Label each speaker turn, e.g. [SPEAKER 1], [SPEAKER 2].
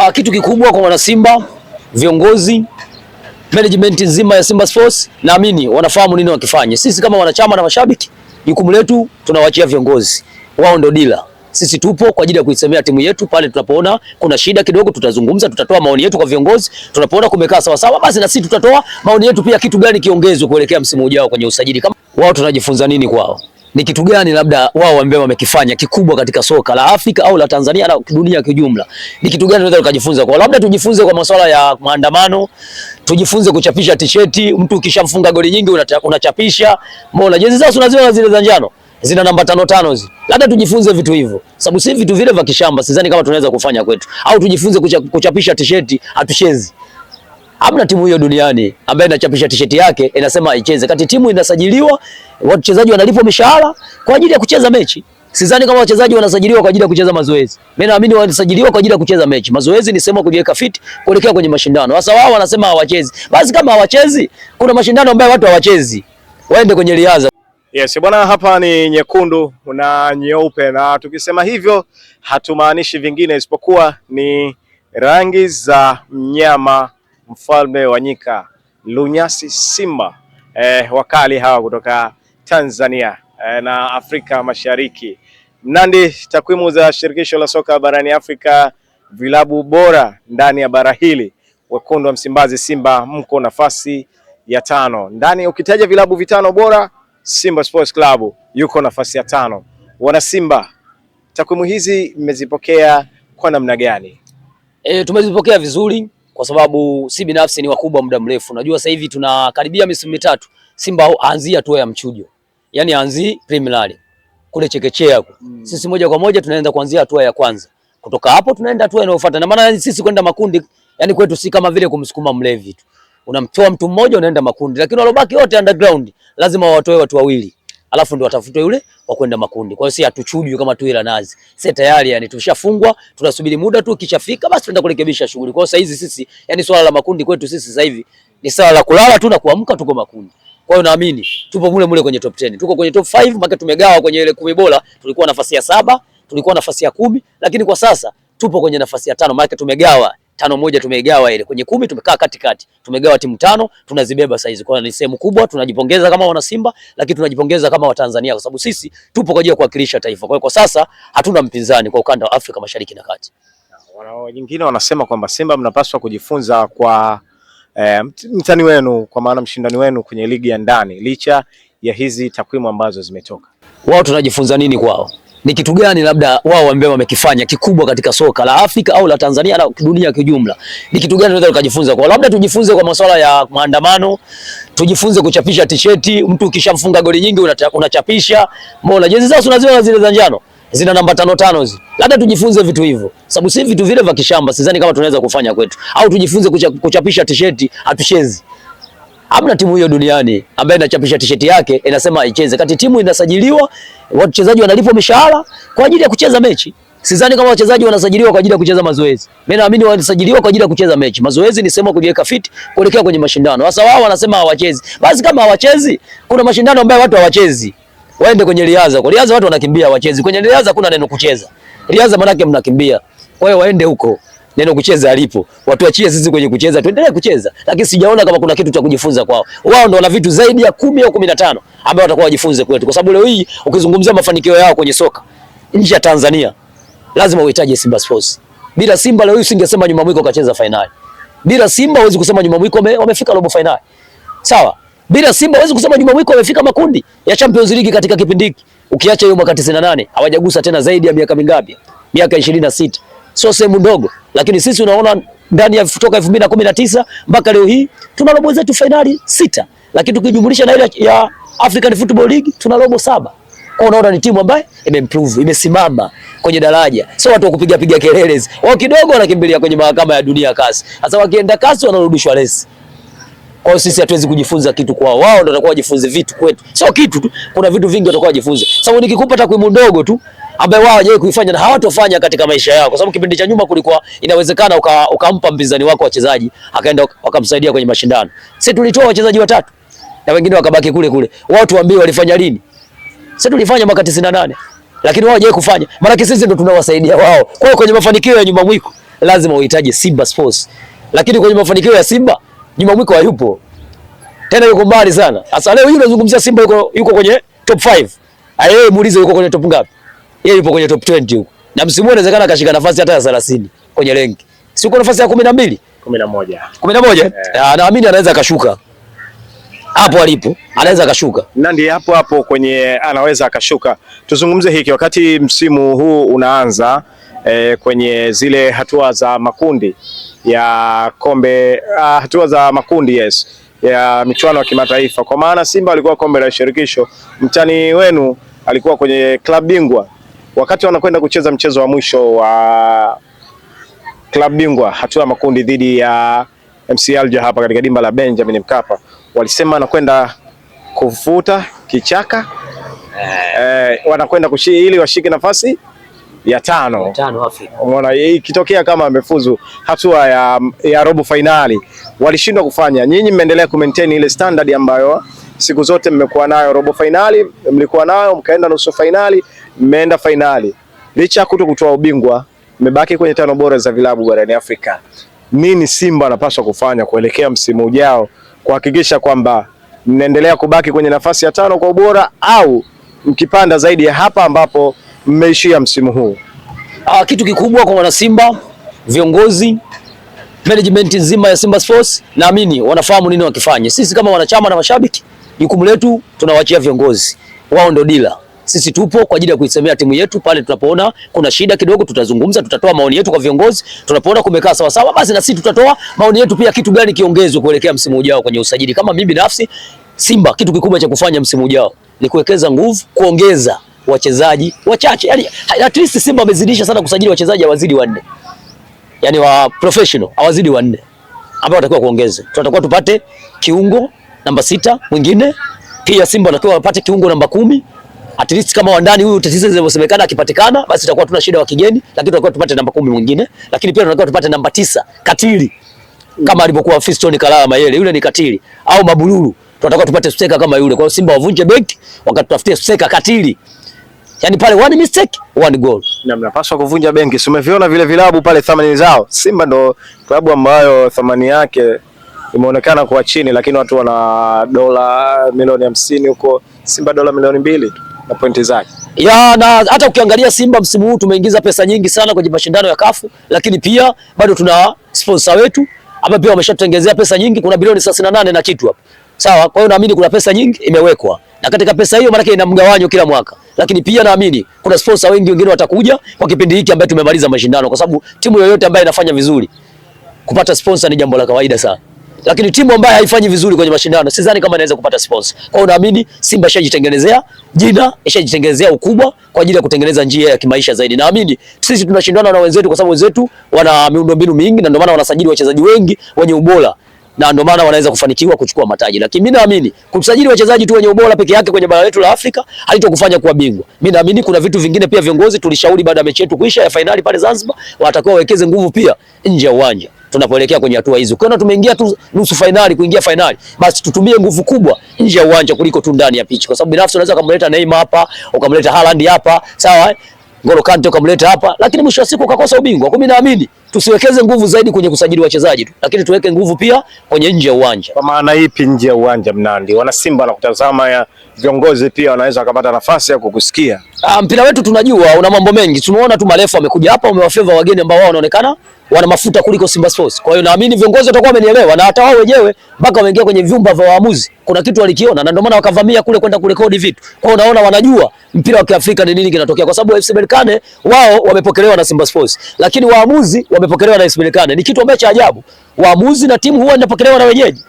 [SPEAKER 1] Uh, kitu kikubwa kwa wanasimba, viongozi, management nzima ya Simba Sports naamini wanafahamu nini wakifanya. Sisi kama wanachama na mashabiki, jukumu letu tunawaachia viongozi, wao ndio dila sisi tupo kwa ajili ya kuisemea timu yetu pale tunapoona kuna shida kidogo, tutazungumza, tutatoa maoni yetu kwa viongozi. Tunapoona kumekaa sawa sawa, basi na sisi tutatoa maoni yetu pia, kitu gani kiongezwe kuelekea msimu ujao kwenye usajili. Kama wao tunajifunza nini kwao? ni kitu gani labda wao ambao wamekifanya kikubwa katika soka la Afrika au la Tanzania na dunia kwa jumla, ni kitu gani tunaweza tukajifunza kwa, labda tujifunze kwa masuala ya maandamano, tujifunze kuchapisha tisheti. Mtu ukishamfunga goli nyingi unachapisha, mbona jezi zao unaziona zile za njano zina namba tano tano hizi, labda tujifunze vitu hivyo, sababu si vitu vile vya kishamba, sidhani kama tunaweza kufanya kwetu, au tujifunze kuchapisha tisheti, hatuchezi Hamna timu hiyo duniani ambayo inachapisha tisheti yake inasema icheze kati. Timu inasajiliwa, wachezaji wanalipwa mishahara kwa ajili ya kucheza mechi. Sidhani kama wachezaji wanasajiliwa kwa ajili ya kucheza mazoezi. Mimi naamini wanasajiliwa kwa ajili ya kucheza mechi. Mazoezi ni sema kujiweka fit kuelekea kwenye mashindano. Sasa wao wanasema hawachezi. Basi kama hawachezi, kuna mashindano ambayo watu hawachezi, waende kwenye riadha.
[SPEAKER 2] Yes, bwana, hapa ni nyekundu na nyeupe, na tukisema hivyo hatumaanishi vingine isipokuwa ni rangi za mnyama mfalme wa nyika Lunyasi Simba eh, wakali hawa kutoka Tanzania eh, na Afrika Mashariki. Mnandi, takwimu za shirikisho la soka barani Afrika, vilabu bora ndani ya bara hili, wekundu wa Msimbazi Simba mko nafasi ya tano ndani. Ukitaja vilabu vitano bora, Simba Sports Club yuko nafasi ya tano. Wana Simba, takwimu hizi mmezipokea kwa namna gani?
[SPEAKER 1] E, tumezipokea vizuri kwa sababu si binafsi ni wakubwa muda mrefu. Najua sasa hivi tunakaribia misimu mitatu Simba aanzia hatua ya mchujo, yani aanzi preliminary kule chekechea huko. mm. Sisi moja kwa moja tunaenda kuanzia hatua ya kwanza, kutoka hapo tunaenda hatua inayofuata. Na maana yaani sisi kwenda makundi, yani kwetu si kama vile kumsukuma mlevi tu, unamtoa mtu mmoja unaenda makundi, lakini walobaki wote underground lazima watoe watu wawili alafu ndio watafutwe yule wa kwenda makundi. Kwa hiyo si hatuchujwi kama tu ila nazi. Sasa tayari yani tushafungwa, tunasubiri muda tu kishafika basi tunaenda kurekebisha shughuli. Kwa hiyo sasa hizi sisi yani swala la makundi kwetu sisi sasa hivi ni swala la kulala tu na kuamka tuko makundi. Kwa hiyo naamini tupo mule mule kwenye top 10. Tuko kwenye top 5 maana tumegawa kwenye ile kumi bora, tulikuwa nafasi ya saba, tulikuwa nafasi ya kumi, lakini kwa sasa tupo kwenye nafasi ya tano maana tumegawa tano moja tumegawa ile kwenye kumi, tumekaa katikati, tumegawa timu tano, tunazibeba saizi. Kwa ni sehemu kubwa, tunajipongeza kama wana Simba, lakini tunajipongeza kama Watanzania kwa sababu sisi tupo kwa ajili ya kuwakilisha taifa. Kwa hiyo kwa sasa hatuna mpinzani kwa ukanda wa Afrika Mashariki na Kati.
[SPEAKER 2] Wengine wanasema kwamba Simba mnapaswa kujifunza kwa eh, mtani wenu kwa maana mshindani wenu kwenye ligi ya ndani, licha ya hizi takwimu ambazo zimetoka.
[SPEAKER 1] Wao tunajifunza nini kwao? ni kitu gani labda wao ambao wamekifanya kikubwa katika soka la Afrika au la Tanzania na dunia kwa jumla, ni kitu gani tunaweza tukajifunza kwa, labda tujifunze kwa masuala ya maandamano, tujifunze kuchapisha tisheti. Mtu ukishamfunga goli nyingi unachapisha, mbona jezi zao unaziona zile za njano zina namba tano tano hizi, labda tujifunze vitu hivyo, sababu si vitu vile vya kishamba, sidhani kama tunaweza kufanya kwetu, au tujifunze kuchapisha tisheti, hatuchezi Hamna timu hiyo duniani ambayo inachapisha tisheti yake inasema icheze kati. Timu inasajiliwa, wachezaji wanalipwa mishahara kwa ajili ya kucheza mechi. Sidhani kama wachezaji wanasajiliwa kwa ajili ya kucheza mazoezi. Mimi naamini wanasajiliwa kwa ajili ya kucheza mechi. Mazoezi ni sema kujiweka fit kuelekea kwenye mashindano. Sasa wao wanasema hawachezi. Basi kama hawachezi, kuna mashindano ambayo watu hawachezi. Waende kwenye riadha. Kwa riadha watu wanakimbia, hawachezi. Kwenye riadha kuna neno kucheza. Riadha maana yake mnakimbia. Kwa hiyo waende huko neno kucheza alipo. Watuachie sisi kwenye kucheza, tuendelee kucheza, lakini sijaona kama kuna kitu cha kujifunza kwao. Wao ndio wana vitu zaidi ya kumi au kumi na tano ambao watakuwa wajifunze kwetu, kwa sababu leo hii ukizungumzia mafanikio yao kwenye soka nje ya Tanzania lazima uhitaji Simba Sports. Bila Simba leo hii usingesema nyuma mwiko kacheza fainali. Bila Simba huwezi kusema nyuma mwiko wamefika robo fainali, sawa? Bila Simba huwezi kusema nyuma mwiko wamefika makundi ya Champions League katika kipindi hiki, ukiacha hiyo mwaka 98 hawajagusa tena zaidi ya miaka mingapi? Miaka 26 sio sehemu ndogo, lakini sisi unaona ndani ya kutoka 2019 mpaka leo hii tuna robo zetu fainali sita, lakini tukijumlisha na ile ya African Football League tuna robo saba. Kwa unaona ni timu ambayo imeimprove, imesimama kwenye daraja. Sio watu wa kupiga piga kelele. Wao kidogo wanakimbilia kwenye mahakama ya dunia kasi. hasa wakienda kasi wanarudishwa lesi. Kwa hiyo sisi hatuwezi kujifunza kitu kwao, wao ndio watakuwa wajifunze vitu kwetu, sio kitu tu. Kuna vitu vingi watakuwa wajifunze, sababu nikikupa takwimu ndogo tu ambaye wao hawajawahi kuifanya na hawatofanya katika maisha yao, kwa sababu kipindi cha nyuma kulikuwa inawezekana ukampa uka mpinzani wako wachezaji akaenda wakamsaidia kwenye mashindano. Sisi tulitoa wachezaji watatu na wengine wakabaki kule kule, wao tuambie walifanya lini? Sisi tulifanya mwaka 98 lakini wao hawajawahi kufanya, maana sisi ndio tunawasaidia wao. Kwa hiyo kwenye mafanikio ya nyuma mwiko lazima uhitaji Simba Sports, lakini kwenye mafanikio ya Simba Juma Mwiko hayupo tena, yuko mbali sana. Sasa leo hii unazungumzia Simba yuko yuko kwenye top 5, yeye muulize yuko kwenye top ngapi? Yeye yupo kwenye top 20 huko, na msimu huu inawezekana akashika nafasi hata ya 30 kwenye renki, si uko nafasi ya 12
[SPEAKER 2] 11
[SPEAKER 1] 11, naamini anaweza akashuka hapo alipo anaweza akashuka,
[SPEAKER 2] na ndiye hapo hapo kwenye anaweza akashuka. Tuzungumze hiki wakati msimu huu unaanza, eh, kwenye zile hatua za makundi ya kombe uh, hatua za makundi yes, ya michuano ya kimataifa, kwa maana Simba alikuwa kombe la shirikisho, mtani wenu alikuwa kwenye klabu bingwa. Wakati wanakwenda kucheza mchezo wa mwisho wa klabu bingwa hatua ya makundi dhidi ya MC Alger hapa katika dimba la Benjamin Mkapa, walisema wanakwenda kufuta kichaka eh, eh wanakwenda kushii ili washike nafasi ya tano, ya
[SPEAKER 1] tano Afrika.
[SPEAKER 2] Umeona ikitokea kama amefuzu hatua ya, ya robo fainali walishindwa kufanya, nyinyi mmeendelea maintain ile standard ambayo siku zote mmekuwa nayo. Robo fainali mlikuwa nayo, mkaenda nusu fainali, mmeenda fainali. Licha ya kuto kutoa ubingwa, mmebaki kwenye tano bora za vilabu barani Afrika. Nini Simba anapaswa kufanya kuelekea msimu ujao kuhakikisha kwamba mnaendelea kubaki kwenye nafasi ya tano kwa ubora, au mkipanda zaidi ya hapa ambapo mmeishia msimu huu?
[SPEAKER 1] Aa, ah, kitu kikubwa kwa wana Simba, viongozi, management nzima ya Simba Sports, naamini wanafahamu nini wakifanya. Sisi kama wanachama na mashabiki, jukumu letu tunawaachia viongozi, wao ndio dila sisi tupo kwa ajili ya kuisemea timu yetu pale tunapoona kuna shida kidogo, tutazungumza, tutatoa maoni yetu kwa viongozi. Tunapoona kumekaa sawa sawa, basi na sisi tutatoa maoni yetu pia, kitu gani kiongezwe kuelekea msimu ujao kwenye usajili. Kama mimi binafsi Simba, kitu kikubwa cha kufanya msimu ujao ni kuwekeza nguvu, kuongeza wachezaji wachache, yani at least Simba wamezidisha sana kusajili wachezaji, hawazidi wanne, yani wa professional hawazidi wanne ambao watakiwa kuongeza. Tunatakiwa tupate kiungo namba sita mwingine pia, Simba watakiwa wapate kiungo namba kumi at least kama wandani huyu tatizo zilizosemekana akipatikana, basi tutakuwa tuna shida wa kigeni, lakini tutakuwa tupate namba kumi mwingine, lakini pia tunatakiwa tupate namba tisa katili kama alivyokuwa Fiston Kalala Mayele, yule ni katili au Mabululu, tunatakiwa tupate steka kama yule. Kwa hiyo Simba wavunje beki wakatutafutie steka katili Yaani pale one mistake, one goal.
[SPEAKER 2] Na mnapaswa kuvunja benki. Si umeviona vile vilabu pale thamani zao? Simba ndo klabu ambayo thamani yake imeonekana kuwa chini, lakini watu wana dola milioni hamsini huko, Simba dola milioni mbili na pointi zake.
[SPEAKER 1] Ya na hata ukiangalia Simba msimu huu tumeingiza pesa nyingi sana kwenye mashindano ya kafu, lakini pia bado tuna sponsor wetu ambao pia wameshatutengezea pesa nyingi, kuna bilioni 38 na kitu hapo. Sawa, kwa hiyo naamini kuna pesa nyingi imewekwa, na katika pesa hiyo maanake ina mgawanyo kila mwaka lakini pia naamini kuna sponsor wengi wengine watakuja kwa kipindi hiki ambacho tumemaliza mashindano, kwa sababu timu yoyote ambayo inafanya vizuri kupata sponsor ni jambo la kawaida sana, lakini timu ambayo haifanyi vizuri kwenye mashindano sidhani kama inaweza kupata sponsor. Kwa hiyo naamini Simba ishajitengenezea jina, ishajitengenezea ukubwa kwa ajili ya kutengeneza njia ya kimaisha zaidi. Naamini sisi tunashindana na wenzetu kwa sababu wenzetu wana miundombinu mingi na ndio maana wanasajili wachezaji wengi wenye ubora na ndio maana wanaweza kufanikiwa kuchukua mataji, lakini mimi naamini kumsajili wachezaji tu wenye ubora peke yake kwenye bara letu la Afrika halitokufanya kuwa bingwa. Mimi naamini kuna vitu vingine pia, viongozi tulishauri baada ya mechi yetu kuisha ya fainali pale Zanzibar, watakuwa wawekeze nguvu pia nje ya uwanja tunapoelekea kwenye hatua hizo. Ukiona tumeingia tu nusu fainali kuingia fainali, basi tutumie nguvu kubwa nje ya uwanja kuliko tu ndani ya pichi, kwa sababu binafsi unaweza kumleta Neymar hapa, ukamleta Haaland hapa, sawa, eh? Ngolo Kante ukamleta hapa, lakini mwisho wa siku ukakosa ubingwa. Kwa mimi naamini tusiwekeze nguvu zaidi kwenye kusajili wachezaji tu, lakini tuweke nguvu pia kwenye nje ya uwanja.
[SPEAKER 2] Kwa maana ipi nje ya uwanja? Mnandi wana Simba na kutazama ya viongozi pia wanaweza wakapata nafasi ya kukusikia.
[SPEAKER 1] Ah, mpira wetu tunajua una mambo mengi, tunaona tu marefu amekuja hapa, umewafeva wageni ambao wao wanaonekana wana mafuta kuliko Simba Sports. Kwa hiyo naamini viongozi watakuwa wamenielewa na hata wao wenyewe mpaka wameingia kwenye vyumba vya waamuzi. Kuna kitu walikiona na ndio maana wakavamia kule kwenda kurekodi vitu. Kwa hiyo unaona wanajua mpira wa Kiafrika ni nini kinatokea kwa sababu FC Berkane wao wamepokelewa na Simba Sports. Lakini waamuzi wamepokelewa na FC Berkane. Ni kitu ambacho ajabu. Waamuzi na timu huwa inapokelewa na wenyeji.